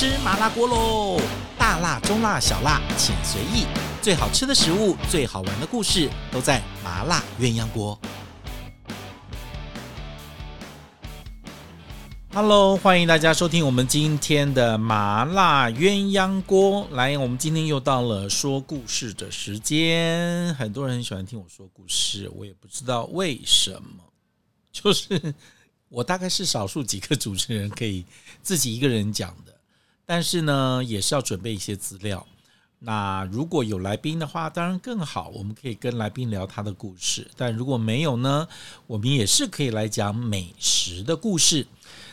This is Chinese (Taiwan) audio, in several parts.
吃麻辣鍋嘍！大辣、中辣、小辣，請隨意。最好吃的食物，最好玩的故事，都在麻辣鴛鴦鍋。Hello，歡迎大家收聽我們今天的麻辣鴛鴦鍋。來，我們今天又到了說故事的時間。很多人很喜歡聽我說故事，我也不知道為什麼，就是我大概是少數幾個主持人可以自己一個人講的。但是呢，也是要準備一些資料。那如果有來賓的話，當然更好，我們可以跟來賓聊他的故事。但如果沒有呢，我們也是可以來講美食的故事。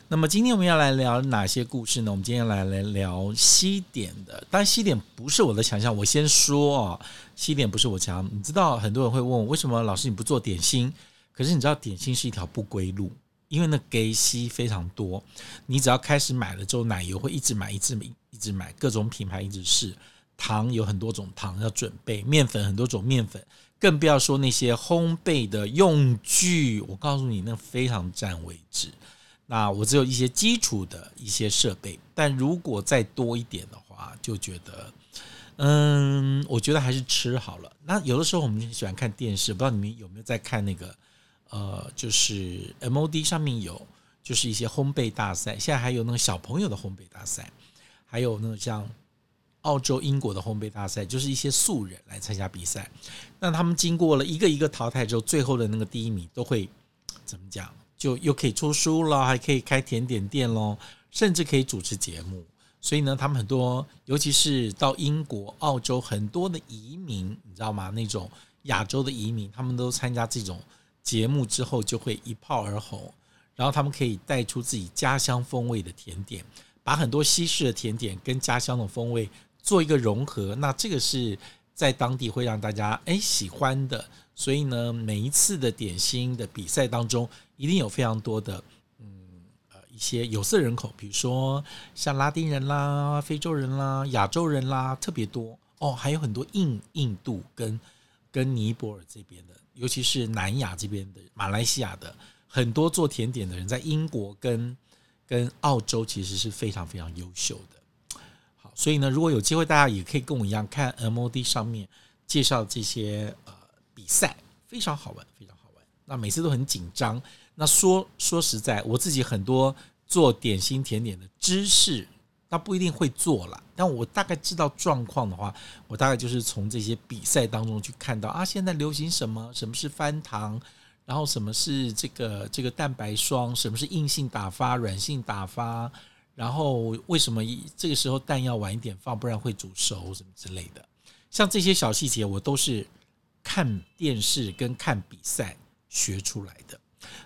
那麼今天我們要來聊哪些故事呢？我們今天要來來聊西點的。當然，西點不是我的強項。我先說啊，西點不是我強。你知道，很多人會問我，為什麼老師你不做點心？可是你知道，點心是一條不歸路。因為那給息非常多，你只要開始買了之後，奶油會一直買，一直買，一直買，各種品牌一直試。糖有很多種糖要準備，麵粉很多種面粉，更不要說那些烘焙的用具。我告訴你，那非常占位置。那我只有一些基礎的一些設備，但如果再多一點的話，就覺得，嗯，我覺得還是吃好了。那有的時候我們很喜歡看電視，不知道你們有沒有在看那個？呃，就是 MOD 上面有，就是一些烘焙大賽，現在還有那個小朋友的烘焙大賽，還有那種像澳洲、英國的烘焙大賽，就是一些素人來參加比賽。那他們經過了一個一個淘汰之後，最後的那個第一名都會怎麼講？就又可以出書了，還可以開甜點店嘍，甚至可以主持節目。所以呢，他們很多，尤其是到英國、澳洲很多的移民，你知道嗎？那種亞洲的移民，他們都參加這種。節目之後就會一炮而紅，然後他們可以帶出自己家鄉風味的甜點，把很多西式的甜點跟家鄉的風味做一個融合，那這個是在當地會讓大家哎喜歡的。所以呢，每一次的點心的比賽當中，一定有非常多的嗯、呃、一些有色人口，比如說像拉丁人啦、非洲人啦、亞洲人啦，特別多哦，還有很多印印度跟跟尼泊爾這邊的。尤其是南亞這邊的馬來西亞的很多做甜點的人，在英國跟跟澳洲其實是非常非常優秀的。好，所以呢，如果有機會，大家也可以跟我一樣看 MOD 上面介紹這些呃比賽，非常好玩，非常好玩。那每次都很緊張。那說說實在，我自己很多做點心甜點的知識。他不一定會做啦，但我大概知道狀況的話，我大概就是從這些比賽當中去看到啊，現在流行什麼？什麼是翻糖？然後什麼是這個這個蛋白霜？什麼是硬性打發、軟性打發？然後為什麼這個時候蛋要晚一點放，不然會煮熟什麼之類的？像這些小細節，我都是看電視跟看比賽學出來的。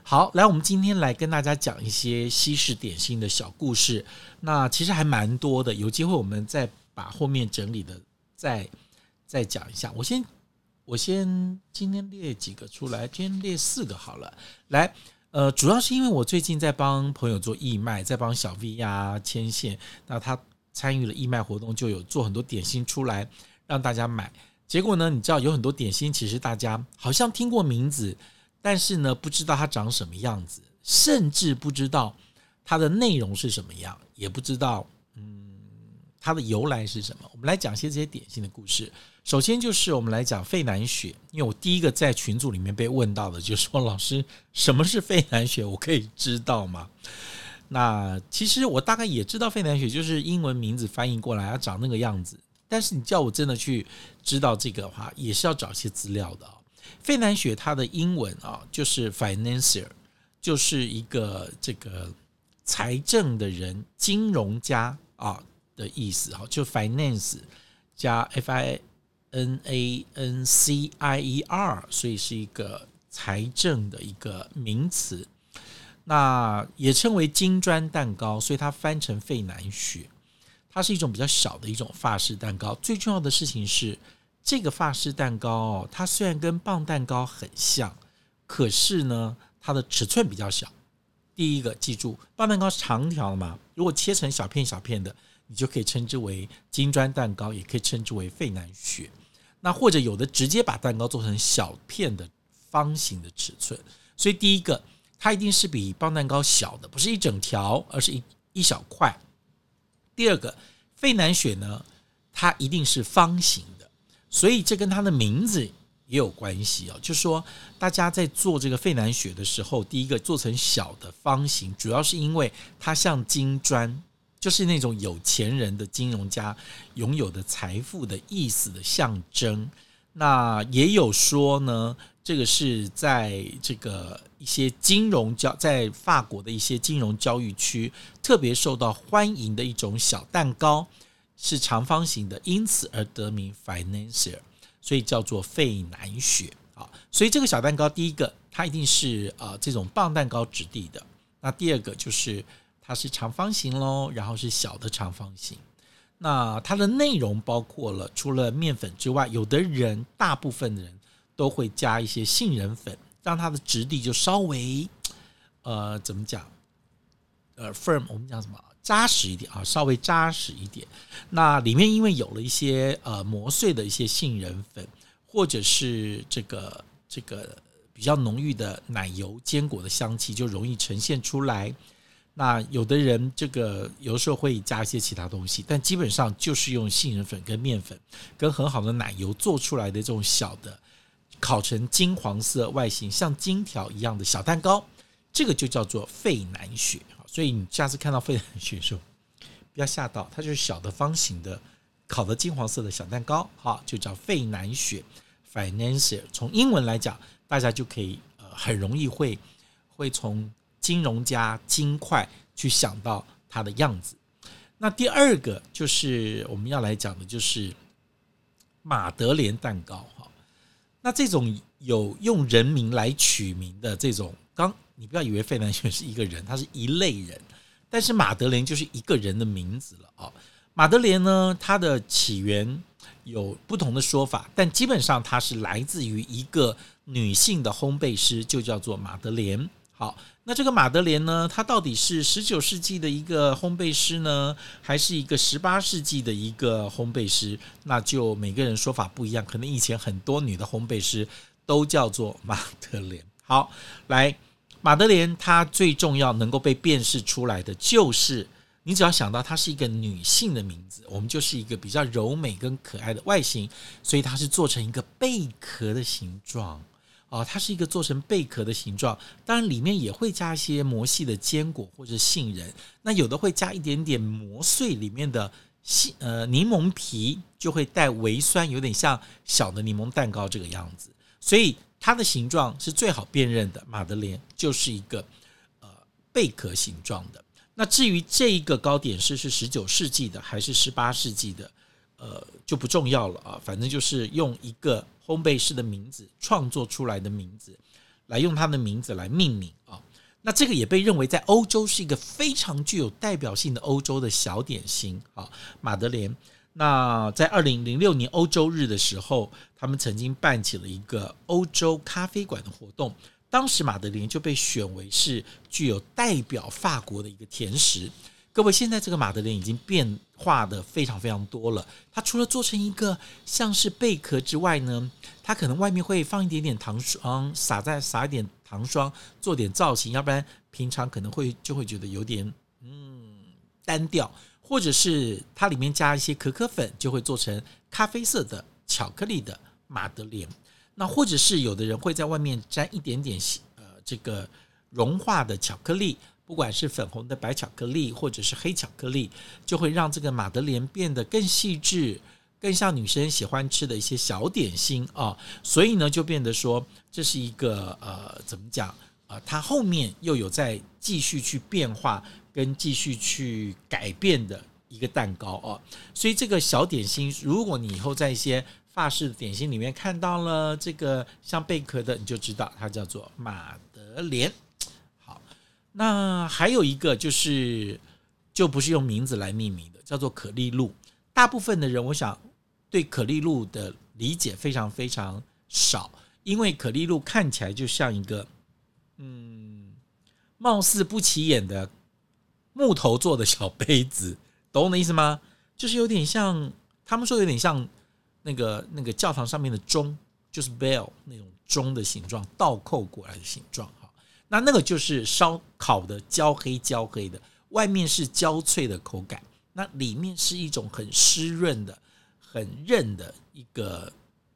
好，來，我們今天來跟大家講一些西式點心的小故事。那其實還蠻多的，有機會我們再把後面整理的再再講一下。我先我先今天列幾個出來，今天列四個好了。來，呃，主要是因為我最近在幫朋友做義賣，在幫小 V 呀牽線。那他參與了義賣活動，就有做很多點心出來讓大家買。結果呢，你知道有很多點心，其實大家好像聽過名字。但是呢，不知道它長什麼樣子，甚至不知道它的內容是什麼樣，也不知道嗯它的由來是什麼。我們來講一些這些典型的故事。首先就是我們來講費南雪，因為我第一個在群組裡面被問到的就是說，老師什麼是費南雪？我可以知道嗎？那其實我大概也知道費南雪就是英文名字翻譯過來，它長那個樣子。但是你叫我真的去知道這個的話，也是要找一些資料的。費南雪，它的英文啊，就是 financier，就是一個這個財政的人、金融家啊的意思哈，就 finance 加 f i n a n c i e r，所以是一個財政的一個名詞。那也稱為金磚蛋糕，所以它翻成費南雪，它是一種比較小的一種法式蛋糕。最重要的事情是，這個法式蛋糕哦，它雖然跟棒蛋糕很像，可是呢，它的尺寸比較小。第一個，記住，棒蛋糕是長條的嘛，如果切成小片小片的，你就可以稱之為金磚蛋糕，也可以稱之為費南雪。那或者有的直接把蛋糕做成小片的方形的尺寸。所以第一個，它一定是比棒蛋糕小的，不是一整條，而是一一小塊。第二個，費南雪呢，它一定是方形。所以這跟它的名字也有關係哦，就是說，大家在做這個費南雪的時候，第一個做成小的方形，主要是因為它像金磚，就是那種有錢人的金融家擁有的財富的意思的象徵。那也有說呢，這個是在這個一些金融交，在法國的一些金融交易區，特別受到歡迎的一種小蛋糕。是長方形的，因此而得名 financier，所以叫做費南雪啊。所以這個小蛋糕，第一個它一定是啊、呃、這種棒蛋糕質地的。那第二個就是它是長方形嘍，然後是小的長方形。那它的內容包括了，除了麵粉之外，有的人，大部分的人都會加一些杏仁粉，讓它的質地就稍微呃怎麼講呃 firm，我們講什麼？紮實一點啊，稍微紮實一點。那裡面因為有了一些呃磨碎的一些杏仁粉，或者是這個這個比較濃郁的奶油堅果的香氣，就容易呈現出來。那有的人這個有時候會加一些其他東西，但基本上就是用杏仁粉跟麵粉跟很好的奶油做出來的這種小的烤成金黃色外形像金條一樣的小蛋糕，這個就叫做費南雪。所以你下次看到費南雪說，不要嚇到，它就是小的方形的，烤的金黃色的小蛋糕，哈，就叫費南雪 （financial）。從英文來講，大家就可以呃很容易會會從金融家金塊去想到它的樣子。那第二個就是我們要來講的，就是瑪德蓮蛋糕，哈。那這種有用人名來取名的這種剛。你不要以為費南雪是一個人，他是一類人。但是馬德蓮就是一個人的名字了啊、哦。馬德蓮呢，它的起源有不同的說法，但基本上它是來自於一個女性的烘焙師，就叫做馬德蓮。好，那這個馬德蓮呢，它到底是十九世紀的一個烘焙師呢，還是一個十八世紀的一個烘焙師？那就每個人說法不一樣，可能以前很多女的烘焙師都叫做馬德蓮。好，來。馬德蓮，它最重要能夠被辨識出來的就是，你只要想到它是一個女性的名字，我們就是一個比較柔美跟可愛的外形，所以它是做成一個貝殼的形狀，哦，它是一個做成貝殼的形狀，當然裡面也會加一些磨細的堅果或者杏仁，那有的會加一點點磨碎裡面的西呃檸檬皮，就會帶微酸，有點像小的檸檬蛋糕這個樣子，所以。它的形狀是最好辨認的，馬德蓮就是一個呃貝殼形狀的。那至於這一個糕點師是十九世紀的還是十八世紀的，呃就不重要了啊，反正就是用一個烘焙師的名字創作出來的名字，來用它的名字來命名啊。那這個也被認為在歐洲是一個非常具有代表性的歐洲的小點心啊，馬德蓮。那在二零零六年歐洲日的時候，他們曾經辦起了一個歐洲咖啡館的活動。當時瑪德蓮就被選為是具有代表法國的一個甜食。各位，現在這個瑪德蓮已經變化的非常非常多了。它除了做成一個像是貝殼之外呢，它可能外面會放一點點糖霜，撒在撒一點糖霜，做點造型。要不然平常可能會就會覺得有點嗯單調。或者是它裡面加一些可可粉，就會做成咖啡色的巧克力的馬德蓮。那或者是有的人會在外面沾一點點呃，這個融化的巧克力，不管是粉紅的白巧克力或者是黑巧克力，就會讓這個馬德蓮變得更細緻，更像女生喜歡吃的一些小點心啊、呃。所以呢，就變得說這是一個呃怎麼講啊、呃？它後面又有在繼續去變化。跟繼續去改變的一個蛋糕哦，所以這個小點心，如果你以後在一些法式點心裡面看到了這個像貝殼的，你就知道它叫做馬德蓮。好，那還有一個就是，就不是用名字來命名的，叫做可麗露。大部分的人，我想對可麗露的理解非常非常少，因為可麗露看起來就像一個，嗯，貌似不起眼的。木頭做的小杯子，懂我的意思嗎？就是有點像他們說有點像那個那個教堂上面的鐘，就是 bell 那種鐘的形狀，倒扣過來的形狀哈。那那個就是燒烤的焦黑焦黑的，外面是焦脆的口感，那裡面是一種很濕潤的、很韌的一個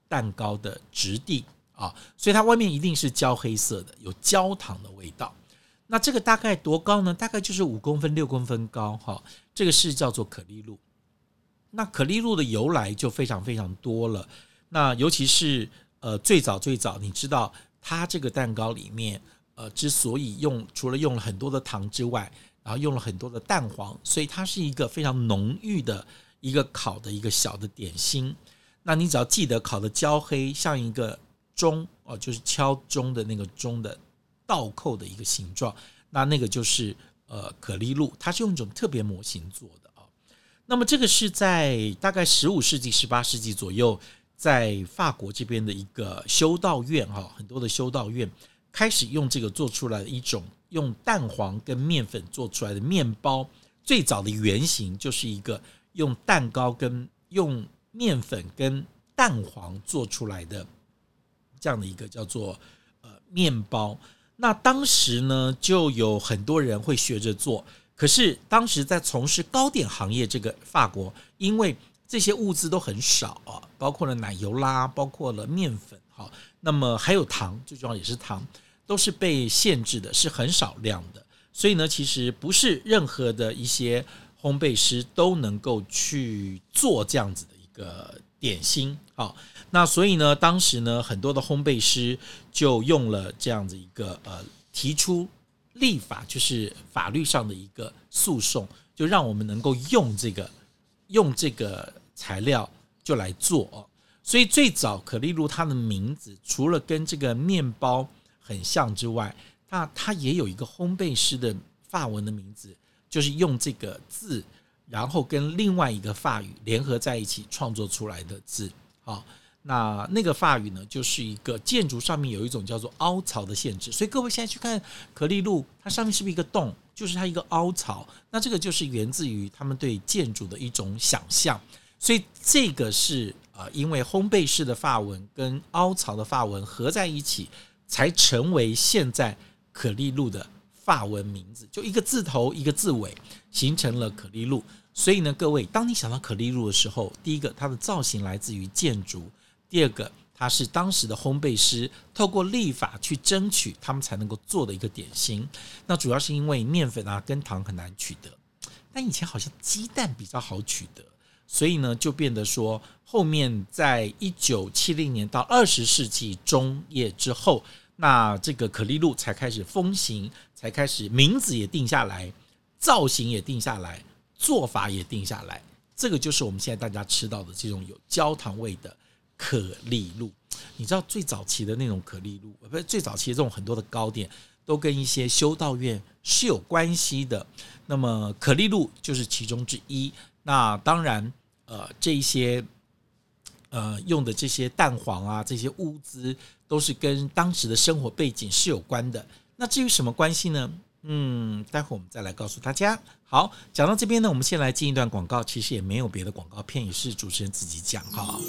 蛋糕的質地啊。所以它外面一定是焦黑色的，有焦糖的味道。那這個大概多高呢？大概就是五公分、六公分高哈。這個是叫做可麗露。那可麗露的由來就非常非常多了。那尤其是呃，最早最早，你知道，它這個蛋糕裡面呃，之所以用除了用了很多的糖之外，然後用了很多的蛋黃，所以它是一個非常濃郁的一個烤的一個小的點心。那你只要記得烤的焦黑，像一個鐘哦，呃，就是敲鐘的那個鐘的。倒扣的一個形狀，那那個就是呃，可麗露，它是用一種特別模型做的啊。那麼這個是在大概十五世紀、十八世紀左右，在法國這邊的一個修道院哈，很多的修道院開始用這個做出來的一種用蛋黃跟麵粉做出來的麵包。最早的原型就是一個用蛋糕跟用麵粉跟蛋黃做出來的這樣的一個叫做呃麵包。那當時呢，就有很多人會學着做。可是當時在從事糕點行業這個法國，因為這些物資都很少啊，包括了奶油啦，包括了麵粉哈，那麼還有糖，最重要也是糖，都是被限制的，是很少量的。所以呢，其實不是任何的一些烘焙師都能夠去做這樣子的一個。點心，好，那所以呢，當時呢，很多的烘焙師就用了這樣子一個呃，提出立法，就是法律上的一個訴訟，就讓我們能夠用這個用這個材料就來做。所以最早可麗露它的名字，除了跟這個麵包很像之外，那它也有一個烘焙師的法文的名字，就是用這個字。然後跟另外一個法語聯合在一起創作出來的字啊，那那個法語呢，就是一個建築上面有一種叫做凹槽的限制，所以各位現在去看可麗露，它上面是不是一個洞，就是它一個凹槽？那這個就是源自於他們對建築的一種想象，所以這個是呃，因為烘焙式的法文跟凹槽的法文合在一起，才成為現在可麗露的法文名字，就一個字頭一個字尾形成了可麗露。所以呢，各位，當你想到可麗露的時候，第一個它的造型來自於建築，第二個它是當時的烘焙師透過立法去爭取，他們才能夠做的一個點心。那主要是因為麵粉啊跟糖很難取得，但以前好像雞蛋比較好取得，所以呢就變得說，後面在一九七零年到二十世紀中葉之後，那這個可麗露才開始風行，才開始名字也定下來，造型也定下來。做法也定下來，這個就是我們現在大家吃到的這種有焦糖味的可麗露。你知道最早期的那種可麗露，不是最早期的這種很多的糕點，都跟一些修道院是有關係的。那麼可麗露就是其中之一。那當然，呃，這一些呃用的這些蛋黃啊，這些物資都是跟當時的生活背景是有關的。那至於什麼關係呢？嗯，待會我們再來告訴大家。好，講到這邊呢，我們先來進一段廣告。其實也沒有別的廣告片，也是主持人自己講哈。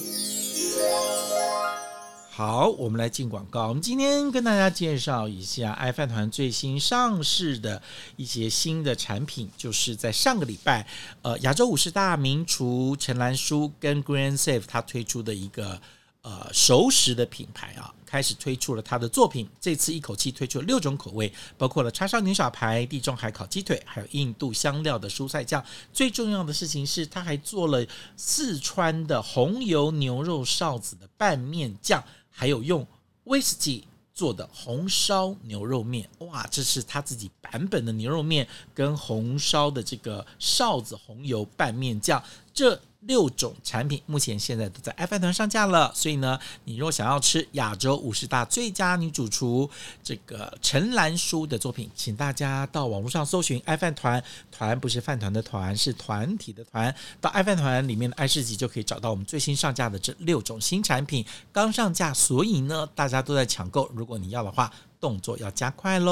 好，我們來進廣告。我們今天跟大家介紹一下愛飯團最新上市的一些新的產品，就是在上個禮拜，呃，亞洲五十大名廚陳嵐舒跟 Green Safe 他推出的一個。呃，熟食的品牌啊，開始推出了他的作品。這次一口氣推出了六種口味，包括了叉燒牛小排、地中海烤雞腿，還有印度香料的蔬菜醬。最重要的事情是，他還做了四川的紅油牛肉臊子的拌麵醬，還有用威士忌做的紅燒牛肉麵。哇，這是他自己版本的牛肉麵跟紅燒的這個臊子紅油拌麵醬。這。六種產品目前現在都在愛飯糰上架了，所以呢，你若想要吃亞洲五十大最佳女主廚這個陳嵐舒的作品，請大家到網絡上搜尋愛飯糰，糰不是飯糰的糰，是團體的團，到愛飯糰裡面的愛食集就可以找到我們最新上架的這六種新產品，剛上架，所以呢，大家都在搶購，如果你要的話，動作要加快嘍。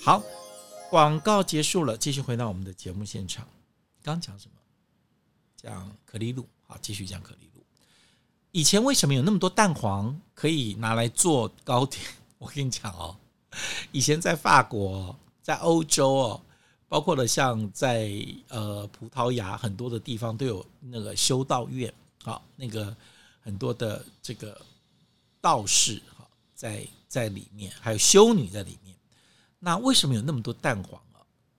好，廣告結束了，繼續回到我們的節目現場，剛講什麼？講可麗露，好，繼續講可麗露。以前為什麼有那麼多蛋黃可以拿來做糕點？我跟你講哦，以前在法國，在歐洲哦，包括了像在呃葡萄牙，很多的地方都有那個修道院，好，那個很多的這個道士在在裡面，還有修女在裡面。那為什麼有那麼多蛋黃？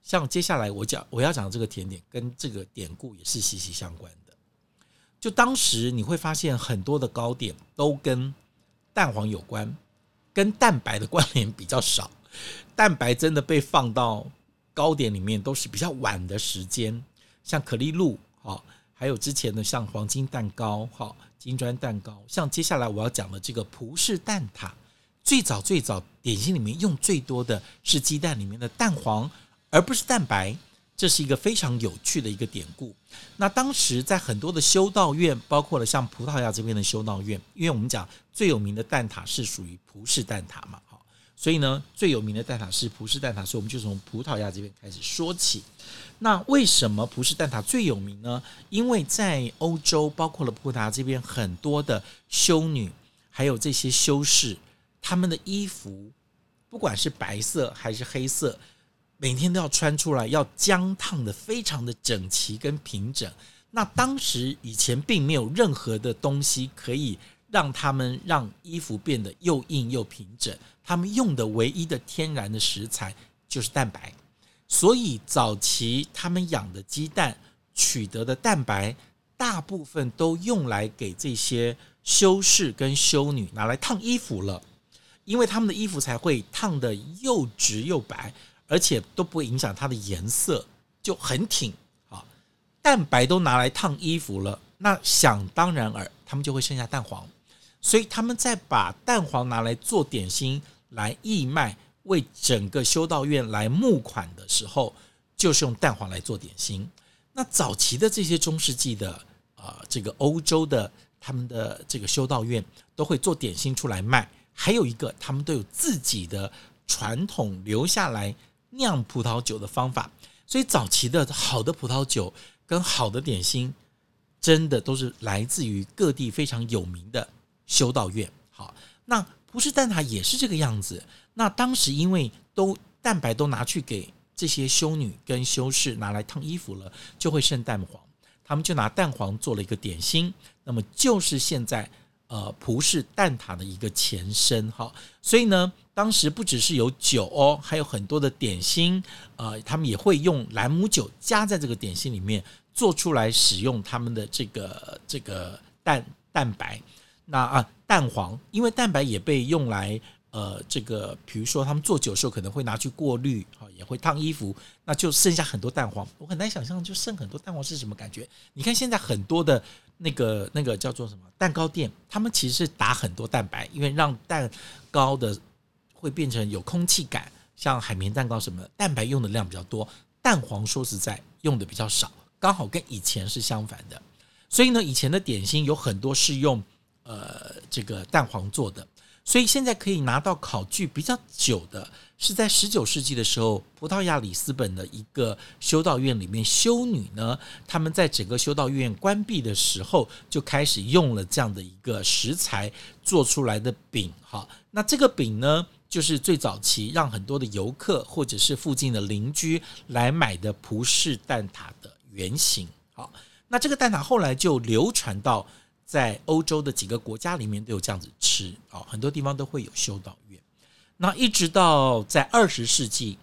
像接下來我講我要講的這個甜點，跟這個典故也是息息相關的。就當時你會發現很多的糕點都跟蛋黃有關，跟蛋白的關聯比較少。蛋白真的被放到糕點裡面都是比較晚的時間，像可麗露，哈，還有之前的像黃金蛋糕，哈金磚蛋糕，像接下來我要講的這個葡式蛋撻，最早最早點心裡面用最多的是雞蛋裡面的蛋黃。而不是蛋白，這是一個非常有趣的一個典故。那當時在很多的修道院，包括了像葡萄牙這邊的修道院，因為我們講最有名的蛋撻是屬於葡式蛋撻嘛，所以呢，最有名的蛋撻是葡式蛋撻，所以我們就從葡萄牙這邊開始說起。那為什麼葡式蛋撻最有名呢？因為在歐洲，包括了葡萄牙這邊很多的修女，還有這些修士，他們的衣服不管是白色還是黑色。每天都要穿出來，要漿燙得非常的整齊跟平整。那當時以前並沒有任何的東西可以讓他們讓衣服變得又硬又平整。他們用的唯一的天然的食材就是蛋白，所以早期他們養的雞蛋取得的蛋白，大部分都用來給這些修士跟修女拿來燙衣服了，因為他們的衣服才會燙得又直又白。而且都不會影響它的顏色，就很挺啊。蛋白都拿來燙衣服了，那想當然耳，他們就會剩下蛋黃。所以他們在把蛋黃拿來做點心來義賣，為整個修道院來募款的時候，就是用蛋黃來做點心。那早期的這些中世紀的啊、呃，這個歐洲的他們的這個修道院都會做點心出來賣。還有一個，他們都有自己的傳統留下來。釀葡萄酒的方法，所以早期的好的葡萄酒跟好的點心，真的都是來自於各地非常有名的修道院。好，那葡式蛋撻也是這個樣子。那當時因為都蛋白都拿去給這些修女跟修士拿來燙衣服了，就會剩蛋黃。他們就拿蛋黃做了一個點心，那麼就是現在呃葡式蛋撻的一個前身。好，所以呢。當時不只是有酒哦，還有很多的點心，呃，他們也會用蘭姆酒加在這個點心裡面做出來使用他們的這個這個蛋蛋白、那啊蛋黃，因為蛋白也被用來呃這個，比如說他們做酒的時候可能會拿去過濾，哈，也會燙衣服，那就剩下很多蛋黃。我很難想象，就剩很多蛋黃是什麼感覺。你看現在很多的那個那個叫做什麼蛋糕店，他們其實是打很多蛋白，因為讓蛋糕的。會變成有空氣感，像海綿蛋糕什麼的，蛋白用的量比較多，蛋黃說實在用的比較少，剛好跟以前是相反的。所以呢，以前的點心有很多是用呃這個蛋黃做的，所以現在可以拿到考據比較久的，是在十九世紀的時候，葡萄牙里斯本的一個修道院裡面，修女呢，他們在整個修道院關閉的時候，就開始用了這樣的一個食材做出來的餅，哈，那這個餅呢，就是最早期讓很多的遊客或者是附近的鄰居來買的葡式蛋撻的原型。好，那這個蛋撻後來就流傳到在歐洲的幾個國家裡面都有這樣子吃。好，很多地方都會有修道院。那一直到在二十世紀，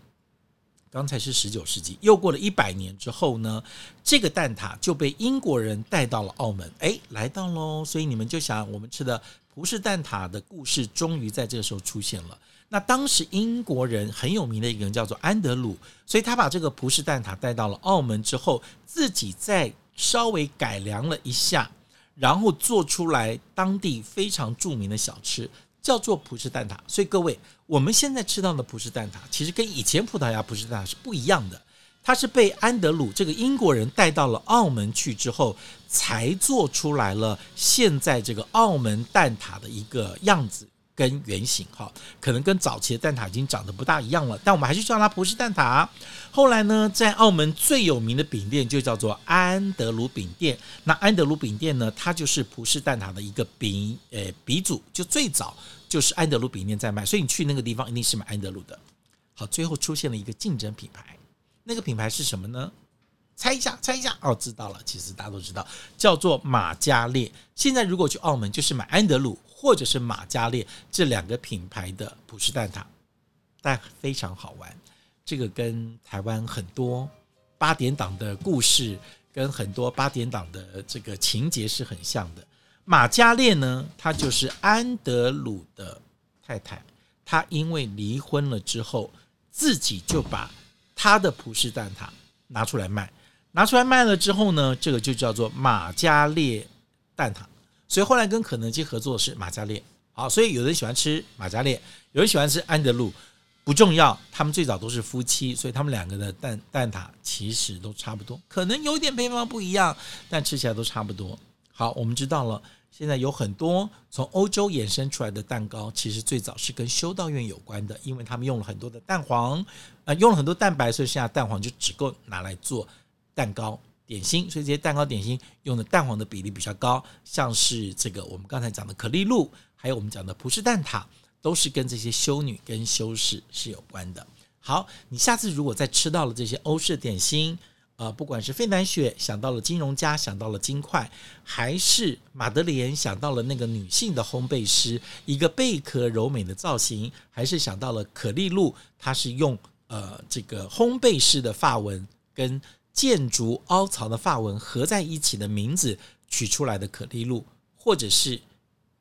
剛才是十九世紀，又過了一百年之後呢，這個蛋撻就被英國人帶到了澳門。誒，來到嘍！所以你們就想，我們吃的葡式蛋撻的故事，終於在這個時候出現了。那當時英國人很有名的一個人叫做安德魯，所以他把這個葡式蛋撻帶到了澳門之後，自己再稍微改良了一下，然後做出來當地非常著名的小吃，叫做葡式蛋撻。所以各位，我們現在吃到的葡式蛋撻，其實跟以前葡萄牙葡式蛋撻是不一樣的，它是被安德魯這個英國人帶到了澳門去之後，才做出來了現在這個澳門蛋撻的一個樣子。跟原型哈、哦，可能跟早期的蛋撻已經長得不大一樣了，但我們還是叫它葡式蛋撻。後來呢，在澳門最有名的餅店就叫做安德魯餅店。那安德魯餅店呢，它就是葡式蛋撻的一個餅，誒，鼻祖，就最早就是安德魯餅店在賣。所以你去那個地方一定是買安德魯的。好，最後出現了一個競爭品牌，那個品牌是什麼呢？猜一下，猜一下哦！知道了，其實大家都知道，叫做瑪嘉烈。現在如果去澳門，就是買安德魯或者是瑪嘉烈這兩個品牌的葡式蛋撻，但非常好玩。這個跟台灣很多八點檔的故事，跟很多八點檔的這個情節是很像的。瑪嘉烈呢，他就是安德魯的太太，他因為離婚了之後，自己就把他的葡式蛋撻拿出來賣。拿出來賣了之後呢，這個就叫做瑪嘉烈蛋撻，所以後來跟肯德基合作是瑪嘉烈。好，所以有人喜歡吃瑪嘉烈，有人喜歡吃安德魯，不重要。他們最早都是夫妻，所以他們兩個的蛋蛋撻其實都差不多，可能有點配方不一樣，但吃起來都差不多。好，我們知道了，現在有很多從歐洲衍生出來的蛋糕，其實最早是跟修道院有關的，因為他們用了很多的蛋黃，呃，用了很多蛋白，所以剩下蛋黃就只夠拿來做。蛋糕、點心，所以這些蛋糕、點心用的蛋黃的比例比較高。像是這個我們剛才講的可麗露，還有我們講的葡式蛋撻，都是跟這些修女跟修士是有關的。好，你下次如果再吃到了這些歐式點心，呃，不管是費南雪，想到了金融家，想到了金塊，還是瑪德蓮，想到了那個女性的烘焙師，一個貝殼柔美的造型，還是想到了可麗露，它是用呃這個烘焙師的發文跟。建築凹槽的法文合在一起的名字取出來的可麗露，或者是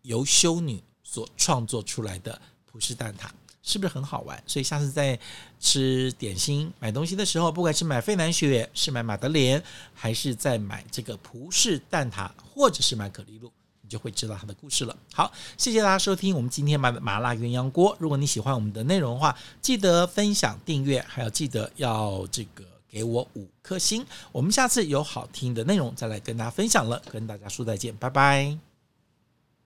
由修女所創作出來的葡式蛋撻，是不是很好玩？所以下次在吃點心、買東西的時候，不管是買費南雪、是買馬德蓮，還是在買這個葡式蛋撻，或者是買可麗露，你就會知道它的故事了。好，謝謝大家收聽我們今天的麻辣鴛鴦鍋。如果你喜歡我們的內容的話，記得分享、訂閱，還要記得要這個。給我五顆星，我們下次有好聽的內容再來跟大家分享了，跟大家說再見，拜拜。